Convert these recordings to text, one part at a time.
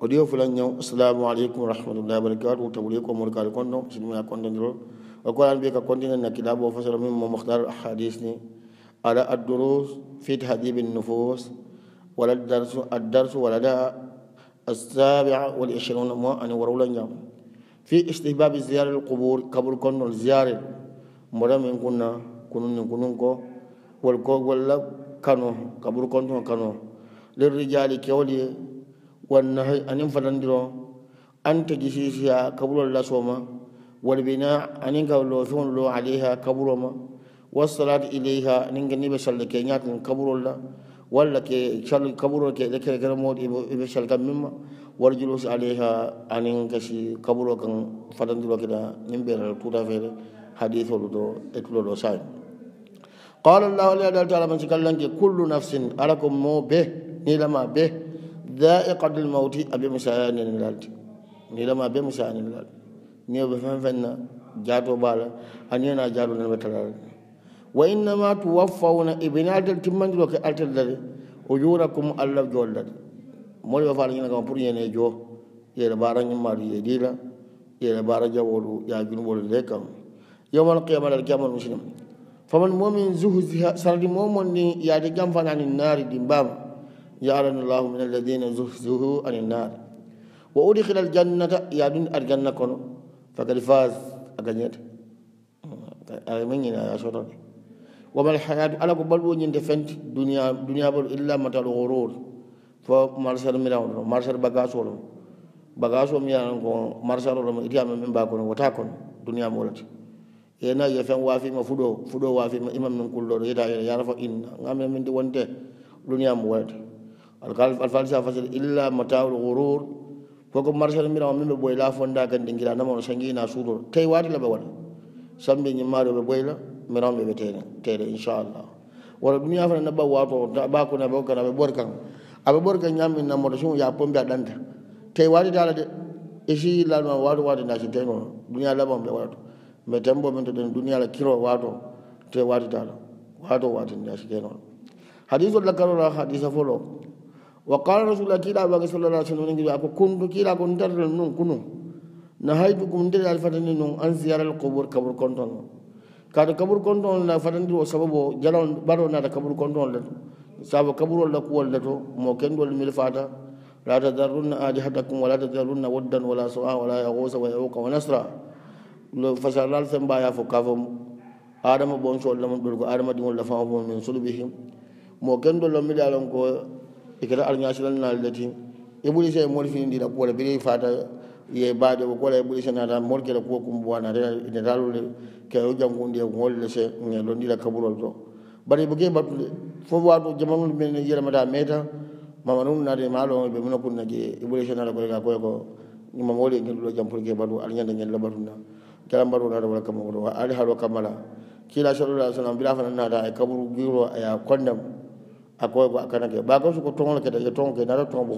o ɗiyo fula ñaw assalamu aleykum wa rahmatullahi wa barakatuh tawli ko mor kal konno silmina kondodiro o koran mbiye ka continue na kilabo fasara min mo mohtar hadis ni ala addurus fi tahdibi nnufus wala darsu addarsu wala da السابعة والعشرون ما أنا ورولا نعم في استحباب زيارة القبور قبر كن الزيارة مرة من كنا كنون كنونكو والكو ولا كانوا قبر كنتم كانوا للرجال كولي والنهي أن ينفرندرو أن تجسيسها كبر الله سوما والبناء أن ينقل لوشون لو عليها كبر ما والصلاة إليها أن ينقل نبي سلكينيات كبر الله ولا كي شال كبر كي ذكر كلامه يبي شال مما والجلوس عليها أن ينكشي كبر كان فرندرو كده نمبر الكورة في حديث ولدو إكلو ساين قال الله لا دلت على من سكلنك كل نفس أراكم مو به نيلما به daiqatul mawti abe musayanene lalti nilama be musayanene lal niwoɓe fen fenna jaato ɓaala aniena jaato nan ɓe talal wa innama tuwaffawna ibine altel timmantiro ke altel dade ujurakum allah jool dade moɗo ɓe faalañina kama pour ñene e joo yeeɗa baara ñimmaɗo yeedila yeeɗa baara jaɓoɗo ya junɓolo nde kam yowmal qiyama dal kiyamal musidam faman momin zuhsiha sardi momon ni yaade jam fanani naari ɗi mbama يعلن الله من الذين زهزه عن النار وأدخل الجنة يعلن الجنة كنو فقد فاز أجنيت أمين يا شرط وما الحياة على قبل وين دفنت دنيا دنيا بل إلا متى الغرور فمارسل ميراون مارسل بغاسول بغاسول ميراون مارسل رم إتيام من باكون وتاكون دنيا مولت ena ye fen wafi ma fudo fudo wafi ma imam min kullo yeda yara fa inna ngam min di wonde alfalisa fasata illa mataul gurur foko marsal mirao min ɓe ɓoyla fonda gandi gila namao sangina suuror tawi wati la ɓe waɗa sambe ñimmaɗi ɓe ɓoyla mirao ɓeɓe tere tere inchallah wala ɗum yafana nabba wato ɓakonaɓe okkan aɓe ɓor kan aɓe ɓor kan ñammi nammoto sumo ya pombe a ɗanta tawi wati dala de esi lanma wato wati nasi tawi noon duniya laɓan ɓe waɗato mais tembo men to ɗen duniya la kiro wato tawi wati dala wato wati nasi tawi noon hadise o lakkatora hadisa folo وقال رسول الله كلا باقي صلى الله عليه وسلم أكو كنت كلا كنت رنون كنو نهايتكم من الفتن نون أن زيارة القبور قبر كنتون كاد قبر كنتون لا فتن دو سببو جلون بارو نادا قبر كنتون لتو سابو قبر ولا قوة لتو موكين دول ملفاتا لا تذرن آلهتكم ولا تذرن ودا ولا سواء ولا يغوث ويعوق ونسرا فسال الله ثم بايا فكافم آدم بونسو لمن بلغو آدم دين الله فاهم من سلبهم موكين دول ملالون كو ikata arñasilannaalati e ɓuri se morfinidira kuola biri fata ye baade o kola e ɓuri se nata morkela kuwa kumbowana rena netalude keo jangundi e ngolle se e londira kaburol to bare bo ke battude fof wato jamanude men yiyatamata meta mama num nade maalo ɓe mino kunna je e ɓuri se nata koye ka koye ko mamawoli e gelluɗo jam pour ke batu ara ñande ñande labatuna jalam batu nata wala kamma koto ari haaɗo kammala kiila sallalah sallam bila fana nata e kaburu guro aya kondam ba ba kana ke ko akoy go akanake ɓaga suko tohlakeda yo tonke nata tombo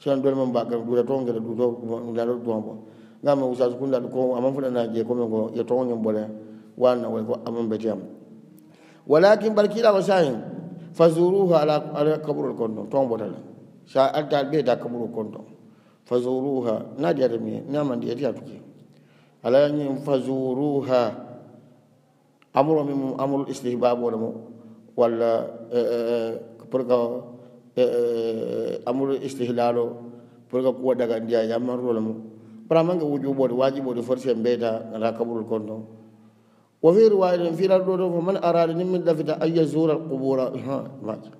sinan dole man mbaga na tonkeda duto nata tombo ngam usas da ko amma aman na je ko commen go yo toñom bole wanna wai ko amma aman jam walakin barkiɗama sahin fazuruha ala ala kondo kaburol konton tombotala sa altal ɓeyta kaburol kondo fazuruha na nadiyata mi namandi ya tuki alañin fazuruha amro mimum amrol istihbaboɗa mo walla pour ka amuru istihlalo pour ka kuwa daga ndiya yammarulola mum bara manke wujuɓode wajiɓode forsi en mbeyta gata kaɓurol kon ton wo fi riwayatin firat ɗo ɗon fo man arada nin min lafita an yazura alqubura maja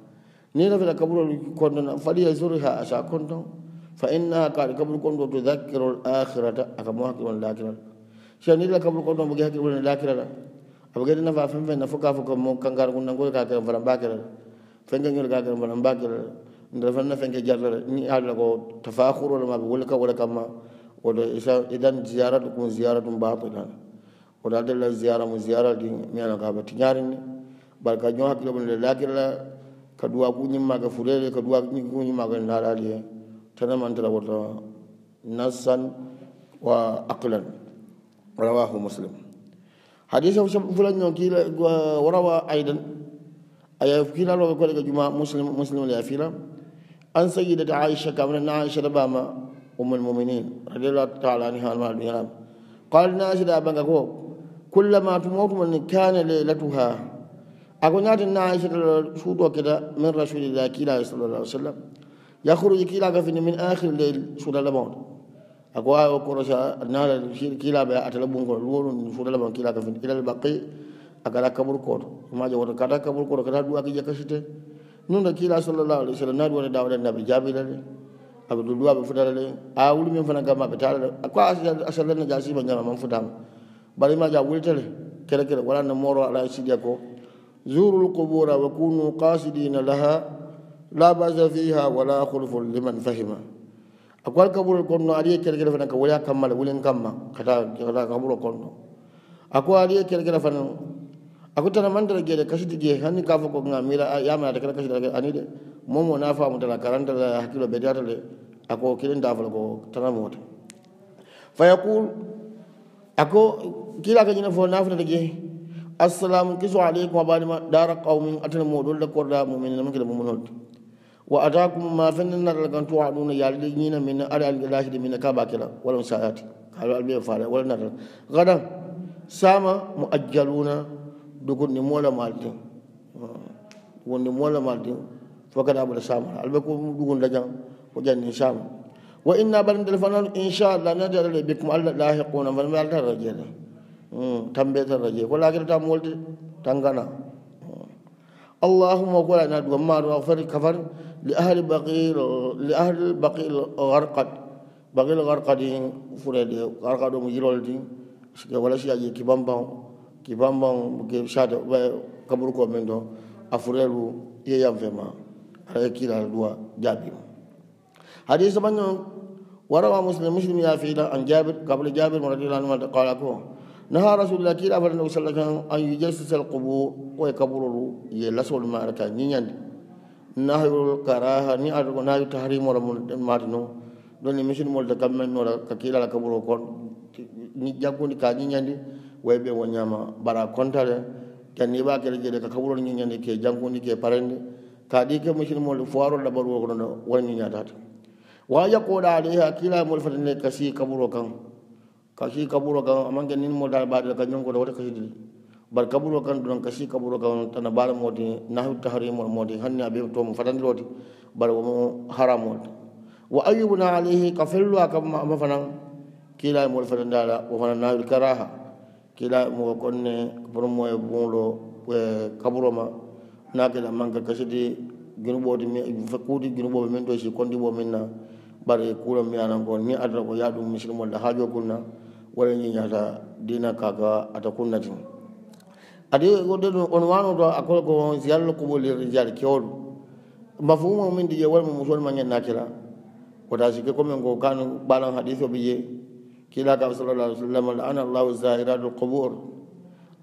ni lafita kaɓurol kon ton fali yazurha asa kon ton fa innaha kaɗa kaɓur kon ɗo tudhakkirol akhirata aka mo hakkilon lakirata si a ni la kaɓur kon ton mo ge hakkilone lakirata abagadi nafa fen fen na fo ka fo ko mo kangar gun nangol ka ka faram bakira fen ngol ka ka faram bakira ndra fan na fen ke jarra ni ala ko tafakhur wala ma bi wala ka wala kama wala isa idan ziyaratu kun ziyaratun batilan wala dalla ziyara mu ziyara di mi ala ka ba tinyari ni barka nyo hakilo bon lakira la ka duwa ku nyim maga furele ka duwa ku nyim maga nalali tana man tala wala nasan wa aqlan rawahu muslim حديثه فلان يوم كيلا وروى ايضا اي كيلا لو قال جماعه مسلم مسلم لا فيلا أن سيدة عائشة كمن عائشة بامة أم المؤمنين رضي الله تعالى عنها المعلومين قال إذا ناشد أبنك كلما تموت من كان ليلتها أقول نادي ناشد شوط كذا من رسول الله كيلا صلى الله عليه وسلم يخرج كيلا كلا من آخر الليل سورة الموت ako wawi okkoroca nada kiilaɓe atala ɓunkol wonu fuɗalaman kiilaka fin ilal ɓaqi a gara kabur koto maje woto kata kabur koto kata duwa ki jakkasite nunda kiila sallallahu alayhi wa sallam nadi wota dawaɗa naɓe jaabila de aɓe ɗo duwaɓe fuɗala de a wuri min fana gamma ɓe tala de ko asallana ja sima ñama man futama bara imaje a wuritale kere kere walano moro ala sidia ko zurul qubura wa kunu qasidina laha la basa fiha wala khulfun liman fahima a gual kaɓurol gonno aɗa ye kelekele fana ka wola kammala wulin kamma kata kata kaɓuro gonno a ko aɗa ye kelekele fana a ko tana mantara gueɗe kasiti gue hanni kafo koga mira yamanata kata kasiɗa ani de momo na famu tara karantara hakkilo ɓeɗiyata le a ko kiɗen dafal ko tana mota fayakul a ko kila ka ñina fo nafatata gue assalamu kiso aleykum a ɓanima dara qawmin atana moɗol de korɗa mumin namkila mumunolde وأتاكم ما فنن لكن توعدون يالدين من أرى الله من كباكلا ولا ساعات قالوا البي فعل ولا نرى غدا ساما مؤجلون دغن نمولا مالتين ون مولا مالتين فقد ابو ساما البكو دغن لجان وجن ساما وإنا بلند الفنان إن شاء الله نجد بكم الله لاحقون فلم يلتا رجل تنبيت الرجل ولكن تمولت تنغنا اللهم وقلنا دوما دوما كفر لأهل بقيل لأهل بقيل غرقد بقيل غرقد فريد غرقد مجرول دين شكا ولا شيء يجي كبام بام كبام بام بكيب شاد كبرو كومن دو أفريد يام فيما هيكي لا دوا جابيم حديث بن وروى مسلم مسلم يا فيلا عن جابر قبل جابر رضي الله عنه قال اكو نهى رسول الله كي افر النبي صلى الله عليه وسلم ان يجسس القبور ويكبروا يلسوا المعركه نيان دي. nahyul karaha ni ar ko nayu tahrim wala mun marino don ni misin mol da kammen no ka kila la kaburo kon ni jagundi ka ni nyandi waybe wonyama bara kontare tan ni ba kele jede ka kaburo ni nyandi ke jangundi ke parende ka di ke misin mol fuaro da baru ko no wani nyata wa yaqula alaiha kila mol fatane kasi kaburo kan kasi kaburo kan amangen ni mol da ba da kan nyongo da wata kasi bar kaburo kan duran kasi kaburo kan tana bar modi nahu tahrimul modi hanni abi to mo fatan lodi bar wo haramul wa ayyubuna alayhi kafillu akam ma fanan kila mo fatan dala wo fanan nahu karaha kila mo konne bur mo e bulo kaburo ma nake da manka kasi di ginubo di fa kudi ginubo min do e si kondi bo minna bar e kuro mi anan ko ni adra ko yadum mislimul hajo kunna wala ni nyaata dina kaga atakunna tin ade godeno on wano do akol ko ziyal ko boli rijal kiol mafhumu min diye wal mu musol mangen nakira wada sike ko men go kanu balan hadithu biye kila ka sallallahu alaihi wasallam ana allah zahiradul qubur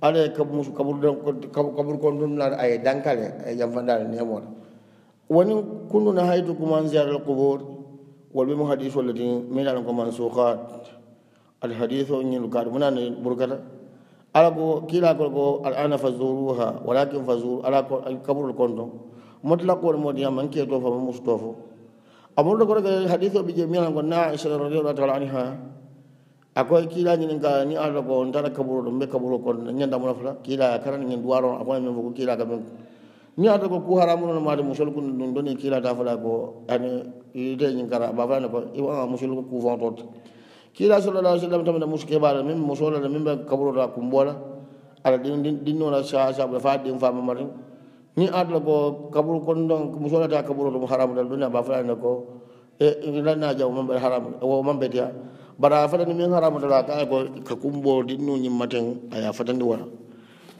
ale kabur kabur kabur kon dum lar ay dankale ay jamfandal ne mo woni kunu na haytu kuma ziyaral qubur wal mu hadithu lati min al ko mansukhat al hadithu nyilu kad munane burkata alako kilakol ko alana fazuruha walakin fazuru ala kaburol kon ton motilakkoole moodi yamma n keeto fo ma musuto fo amoɗo kota ke hadise o ɓi je miyana ko na aicha radiallah taala anha a koye kiilañininka ni alla ko ntara kaburo ɗo mbe kaburo kon ñanda munafla kiila karani ñin duwaron a kona min fo ko kiila ka min ko ni alla ko kuhara munono maade musol kunde ɗum doni kiila ta fala ko ani yiteñinkara bafalane ko iwaa musol ko kuufon totta kila sallallahu alaihi wasallam tamna muske bara min musola min ba kaburo da kumbola ala din din no sha sha ba fa din fa mamari ni adla ko kaburu kon don musola ta kaburo dum haram dal dunya ba fa ko e ila na jaw man bar haram o man betiya bara fa ni min haram dal ta ko ka kumbo din no nyim maten aya fa tan wala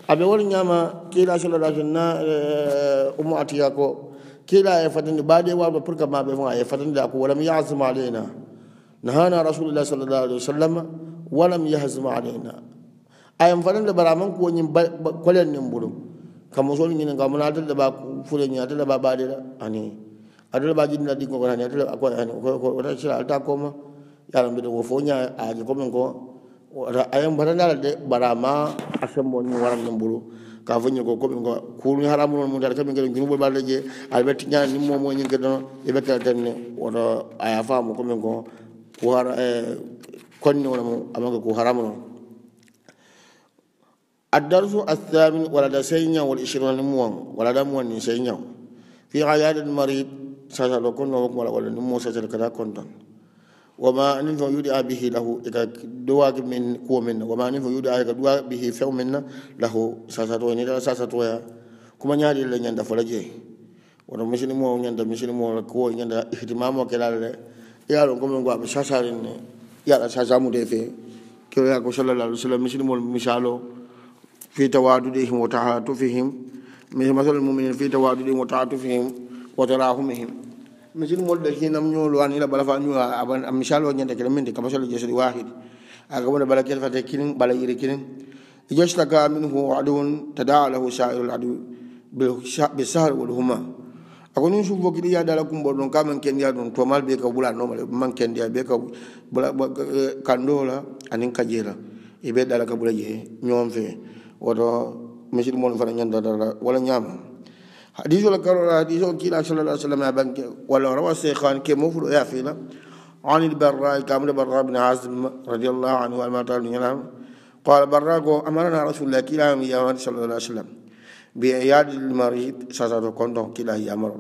abe wal nyama kila sallallahu alaihi wasallam na e, umu atiya ko kila ya fatan ba de wa ba purka ma be fa ya fatan da ko walam ya'zum alaina nahana rasulullah sall llah alih wa sallam walam yahzima alayna ayam fadande baraman kowoñi kolen nin mburum kamo soni ñine ka mona atele ɓa fureñi atele ɓa ɓaɗela ani atele ɓa jidina ɗikkokoani atelewota sira alta koma yaran mbiɗe ko foña aje comme ko ayam fadande ala de barama a semboñi waran nin mburu ka foñir ko koɓe ko kuru haramunon mum tata kamɓe gueɗe junubo ɓarde je aɗa ɓe tiñani nimmomo ñinkedono ɓe ɓekkela tenne woto aya faamu comme ko E, konni wonamo amaga ko harama noon addarsu athamin walada seyñaw wala ichirinani muwan walada muwan ni seyñaw fi ayadin marid sasa ɗo kon nowok wala walla nimmo sasa ɗo kata kontan wama anin fo yuɗi a bihi lahu eka duwaki min kuwo minna wama anin fo yuɗi a eka duwa bihi few minna lahu sasatoya ni tata sasatoya kuma ñaali le ñanda fola jee wono misini mo ñanda misini mo kuwo ñanda ihtimamo kelala le yaro comme ngo abe sasarin ne yaɗa sa jamude fe kewiya ko sallallah alih w sallam misinimol misalo fi tawadude him wa tahatufihim masal muminin fi tawadude him wa tahatufihim wa tarahumihim misinimol ɗe hinam ñoolo an ila balafa ñoo aa misalo ñande kene minde ka masal jesadi wahid aga wona bala ketfate kinin bala iri kinin jostaka minhu aduwun tadaa lahu sairu ladu bisahar wal humma ako nin suf fokkiɗi yadala kumbor ɗon ka man kendiya ɗon to mal ɓe ka ɓulanomale man kendiya ɓe ka eh, kandola anin kajeela e ɓe ɗala ka ɓula jee ñoom fe woto misid mon fana ñandadara wala ñaama hadise ola karora hadise o kiila salalah ah sallam a banke walla rawa cheikhan ke mo fuɗo yaafiila an il barra kamude barra bne hasim radiallahu anhu almatalu ñalam qala barra ko amarana rasulillah kiilaam yamati salalah ah sallam بعياد المريض ساساتو كونتون كلا هي أمر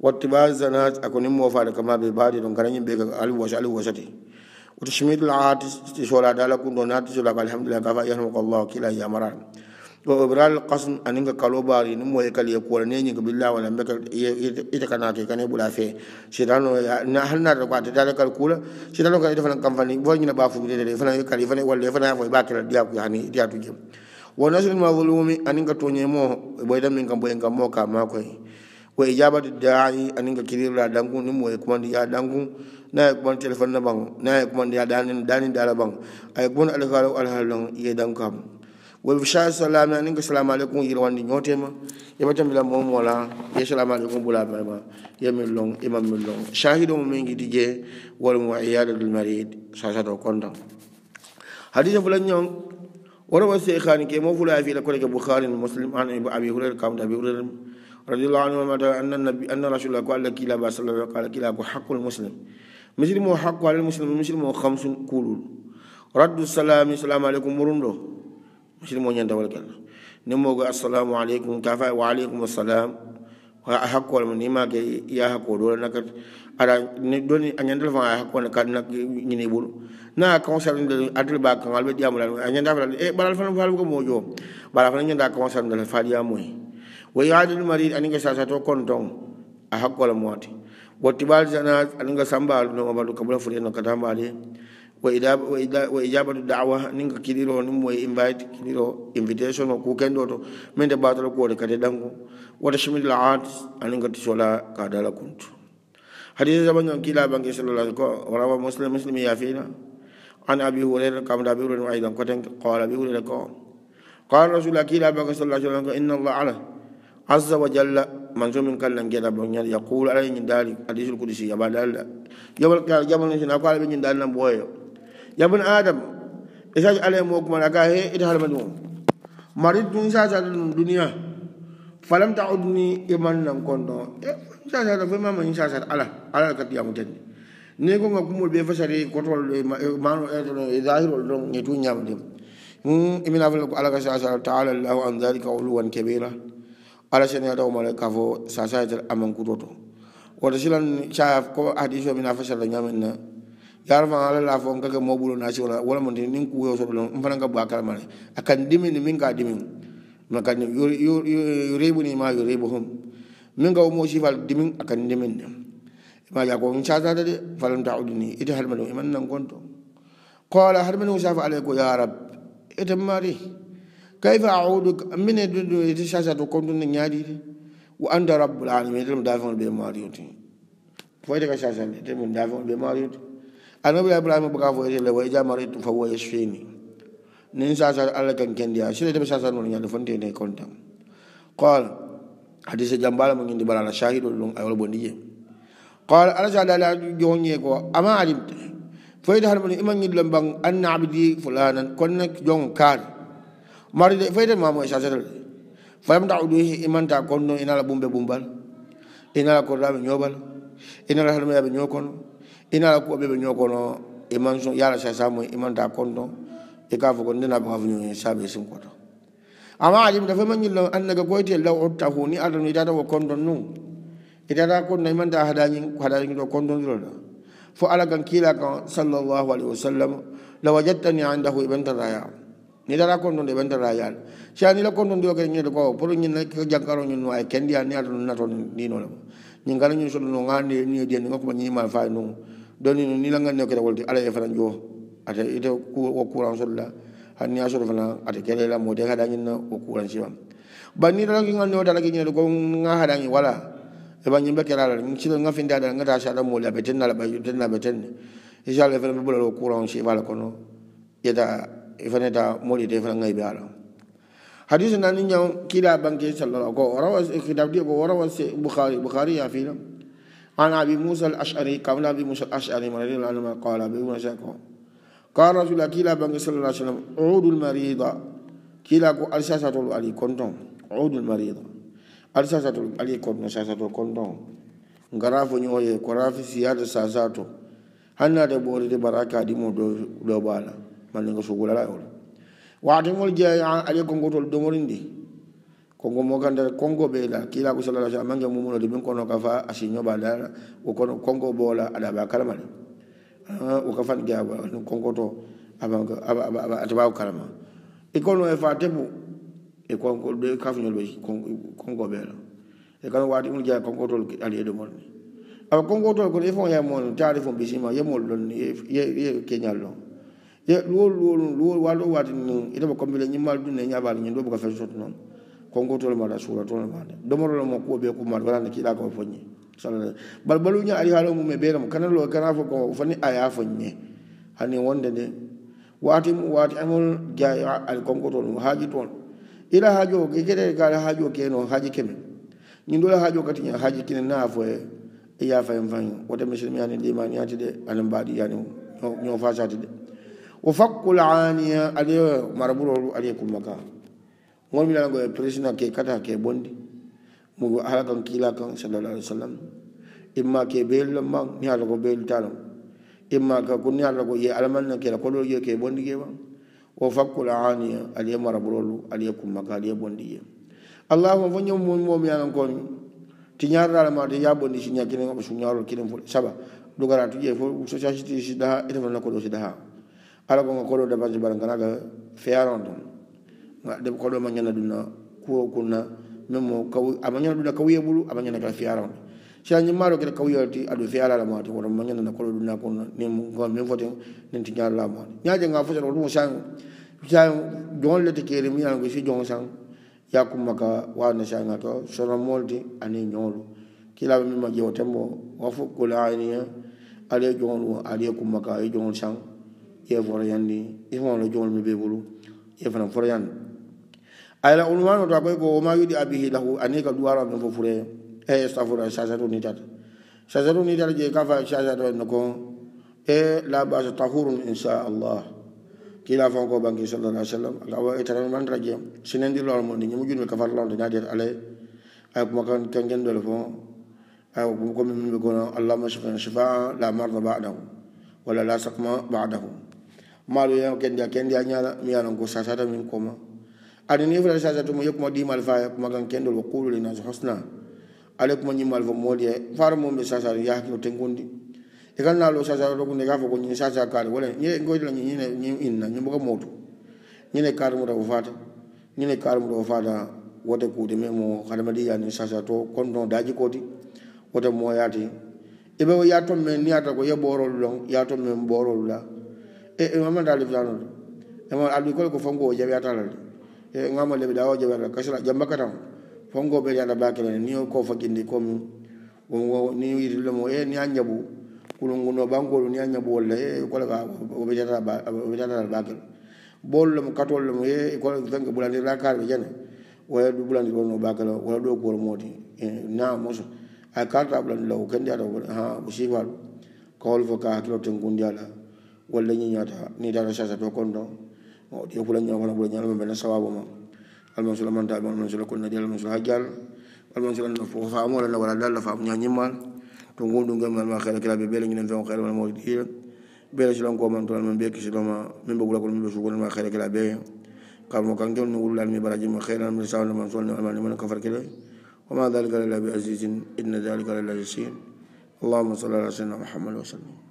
واتباع الزناج أكون موفاد كما ببادي دون كرنين بيغا ألو وش ألو وشتي وتشميد العاتس تشولا دالا كنتو ناتس لك الحمد لله كفا يرحمك الله كلا هي أمران وإبرار القصن أنك كالوباري نمو يكالي يقول نيني بالله ولا مك يتكنا كي كان يبلا في شيطان نحن نرقى تتالك الكولة شيطان كان يدفن كم فني بوين نبافو يدفن يكالي فني ولا يفن يفن يباكل ديابو يعني ديابو جيم wanasru lmadhulumi aninga tonyemoho ɓoytan min kam ɓoyen kammo kama koye wa ijabatu daai aninga kirirla dangu ni moye kumandi ya dangu na ye kumandi téléphone na bango na ye kumandi ya dani dani dala bango aye kumandi alfalo alhalon ye dangu kam wa bishar salami aninga salamu aleykum yirwandi ñotema yeɓatamila momola ye salamu aleykum bulamama yemin long imam min long shahido mo min gidi je walmo iyadatul وروى الشيخان كي فلا في لكل بخاري ومسلم عن ابي هريره قام ابي هريره رضي الله عنه ما ان النبي ان رسول الله قال لك لا باس الله قال لك لا حق المسلم مسلم حق على المسلم مسلم خمس قول رد السلام السلام عليكم مرندو مسلم نيان داول كان نمو السلام عليكم كفا وعليكم السلام hakkore mo nimake ya hakko dole nakat ara ni doni anyanda fa ay hakko nakat nak ñini bul na concert de atri ba kan albe diamul anyanda fa e eh, baral fa fa ko mojo baral fa nyanda concert de fa dia moy way yadul marid ani nga sa sa to konton a hakko la moti wotibal jana ani nga sambal no mabalu kabula furi no katambali wa ijabatu dawa ninga ka kiliro nin moye invite kiliro invitation o ku kendo to min de ko kuwode kate dangu wata shimil laat aninga ka tisola ka dala kuntu zaman yang kila banke sallallahu ko rawa muslim muslim ya fina an abi hurayra kam da abi hurayra aidan ko ten qala bi hurayra ko qala rasulullah kila banke sallallahu alaihi wasallam inna allah ala azza wa jalla man zumin min kallan geda bonyal yaqul alayhi min dalik hadisul qudsi ya badalla yawal kal jamal ni na qala bi dal nan boyo yabun adam isaji e alai mogumar aga he ita halmadu mu marid dun isaji alai mu duniya falam ta udni iman nan kondo e isaji alai fai mamman isaji alai ala ala kati yamu jani ne ko ngam kumul be fasari kotol manu eto no e, e, e zahir wal don ne dun yamu dim mm imina fal ko alaka sa sa ta'ala allah an zalika ulwan kabira ala shani ada umar ka fo sa sa jal amankudoto wala shilan sha ko hadisi o mina fasari nyamin na yarfa ala la fo ngaka mobulo na ci wala wala mo ni ku yo sodo on fana ngaba akal mane akan dimi ni minga dimi ma kan yo yo rebu ni ma yo rebu hum minga mo ci fal dimi akan dimi ni ma ya ko on chaza de falam ta'uduni ita hal malu iman nan gonto qala hal malu shafa alayku ya rab ita mari kayfa a'udu min dudu ita chaza to kontu ni nyadi wa anta rabbul alamin dum dafa be mariyuti foyde ka chaza ni dum dafa be mariyuti annabi ibrahima boka foyetele way jamar itum fa woyes feni nin sasa allah kan kendiya sire tem sasa non nyande fonte ne konta qol hadise jambala mo ngindi balala shahidul lum ay wala bondiye qol ala sa dala jonge ko ama alim foyi dal mo imangi dum bang an abdi fulanan kon nak jong kar mari de foyi dal mo sasa dal fam daudu imanta kon no inala bumbe bumbal inala ko rabe nyobal inala halmo yabe nyokono ina ala kuɓaɓeɓe ñokono iman so yala sa samo iman da konto e ka fo ko ndenaɓe hafñu e saabe sin koto ama alim dafa mañillo annaga koyte law ottahu ni adano itata ko konton nun itata konno iman da haɗañin ko haɗañin to kontondiroɗa fo ala kan kiila kan sallallahu alayhi wa sallam law wajattani andahu iɓen taraya ni dara konton de ɓen tara yaade si ani la konton diwo kene ñede koo pour ñin ko jankaro ñun no ay kendi a ni adano natoon ndinolema ñin gara ñun soɗo no ngandi ni diendi ngokkoma ñimal fay nun donc non ni la nga nekk rewol di ala e fanan joo ata ite wo courant sol la han ni a sol fanan ata kere la mo de hada ngin na wo courant siwam ba ni dalagi nga nyo dalagi ngin ko nga hada ngi wala e ba nyimbe kera la ni chilo nga fin dada nga ta sha la mo la beten na la ba yuten na beten e sha le fanan bo la wo courant si wala kono ya da e fanan ta mo li de fanan e nga ibe ala hadith na ni nyaw kila banke sallallahu alaihi wa sallam ko rawas ikhdabdi ko rawas bukhari bukhari ya filam عن أبي موسى الأشعري كمن أبي موسى الأشعري من رضي الله قال أبي موسى قال رسول كلا بن صلى الله عليه وسلم عود المريض كلا كو أرساسة علي كونتون عود المريض أرساسة علي كونتون ساسة كونتون غرافو نيوي كراف سيادة ساساتو هنا دي بركة دي مو دوبالا من نغسو غلا لا وعدم الجاي عليكم قتل دمرين kongo mokandere kongo bela kila ku la alaihi wasallam mumu no dibin kono kafa asinyo bala wo kono kongo bola ada ba kalama wo ah, kafa ni gaba no kongo to abanga aba aba aba kalama ikono e fatebu e kongo de kafa nyol be kongo bela e kan wati mun ja kongo to ali edo mon aba kongo to ko ifon ya mon tarifon bisima ye mon don ye ye kenyalo ye lo lo lo walo wati ni ida ko mbele nyimal dunne nyabal nyi do bu ka fe sot non konkotol maɗa suura tol maɗa domorole mo kuo ɓe kummaɗa walanda kiiɗa kamo foñe sallah bal baluña ari haala mum e ɓeenamo kanalo kana fo kamo fani aya foñe hani wonde nde waati mu waati amol jay ali konkotol mu haaji toon ila haaji o kekeɗe kaala haaji o keno haaji keme ñindola haaji o kati ña haaji kine naa fo e, e ya fayen fan wote misil mi yani limani yati de anen mbaɗi yani ño fasati de wo fakkul aniya ali maraburo ali kulmaka gonmilanago e président ke kata ke bondi mogo ala kan kila kan sallallahu alaihi wasallam imma ke beelo ma ni ala ko beelo talo imma ka ko ni ala ko ye alaman na ke ko do ye ke bondi ke ma wa fakul aniya ali ma rabulu ali yakum ma ali bondi ye allahumma fo nyum mum mum ya nan kon ti nyaar dara ma ya bondi si nyaakine ko su nyaaro kine fo saba do garatu ye fo society si da e to na ko do si da ala ko ko do da ba jibaran kana ga fiaron don de ko do ma nyana duna ko na memo kaw amanyana duna kawiye bulu amanyana kala fiara sha nyi maro kala kawiye ti adu fiara la ma to ko manyana na ko do duna kunna ne mo ko me fote ne ti nyala ma nya je nga fote ko dum sang sha don le te kere mi yango shi don sang ya ku maka wa na sha nga to so soro moldi ani nyolo kila mi ma je otembo wa fu ko kula ani ale jonglu ale ku maka e jonglu sang ye voro yandi e mo lo mi be bulu ye fana voro yandi ayla ulumano ta koy ko oma wiɗi abihi lahu ani ka duwara ɓen fo fure e stafura chagato ni tata chagato ni tata je kafa chagato no ko e la base tahurun insha allah kila fon ko banki sallallahu alayhi wasallam allah wa itara e man raje sinendi lol mo ni nyimu jundi ka far lol de nadir ale ay kuma kan kan gendo le fon ay kuma ko min be gono allah ma shifa shifa la marda ba'dahu wala la saqma ba'dahu malu ya kendi kendi nyala mi yanon ko chagato min koma ma ali niveau la charge to yekuma di mal faya kuma gan kendo lo kulu le nas husna ale kuma nyi mal vomoli far mo be sasa ya ki no tengundi e kan na lo sasa ro kunne ga fo ko kale wala nyi ngo la nyine nyi inna nyi mo motu nyi ne kar mo da fata nyi ne kar mo da fata wote kude memo kadamadi ya ni sasa to kondo daji koti wote mo yati ibe wo yato men ni ata ko ye boro lon yato men boro la e e mama dalif lanu e mo alikol ko fango o jabi ata e ŋama lebe da awoje wara kasira jamba katam fongo be yana bakere ni o ko fakindi kom won wo ni yirlo mo e ni anjabu kulungu no banko ni anjabu wala e, e ko la o be yana ba o be yana dal bakere bollo mo katol mo e ko la zanga bulandi rakar be jene o e bulandi wono bakere wala do ko modi na mo so a karta bulandi law kandi ada ha o sifal ko holfo ka hakilo tengundi ala wala nyinyata ni dara sasa to kondo dia pula nyala wala pula nyala mbena sawabu ma al mansula man tabi al mansula kun nadi al mansula hajal al mansula na fo fa mo la wala dalla fa nya nyimal to ngundu ngam ma khala kala be bele ngin fen khala wala mo dir bele ci lon ko man to man be ki ci loma min be gula ko min be sugul ma khala kala be kam mo kan jol ngul lan mi baraji ma khala min sawla man sawla man man kafar kala وما ذلك الا بعزيز ان ذلك الا يسير اللهم صل على سيدنا محمد وسلم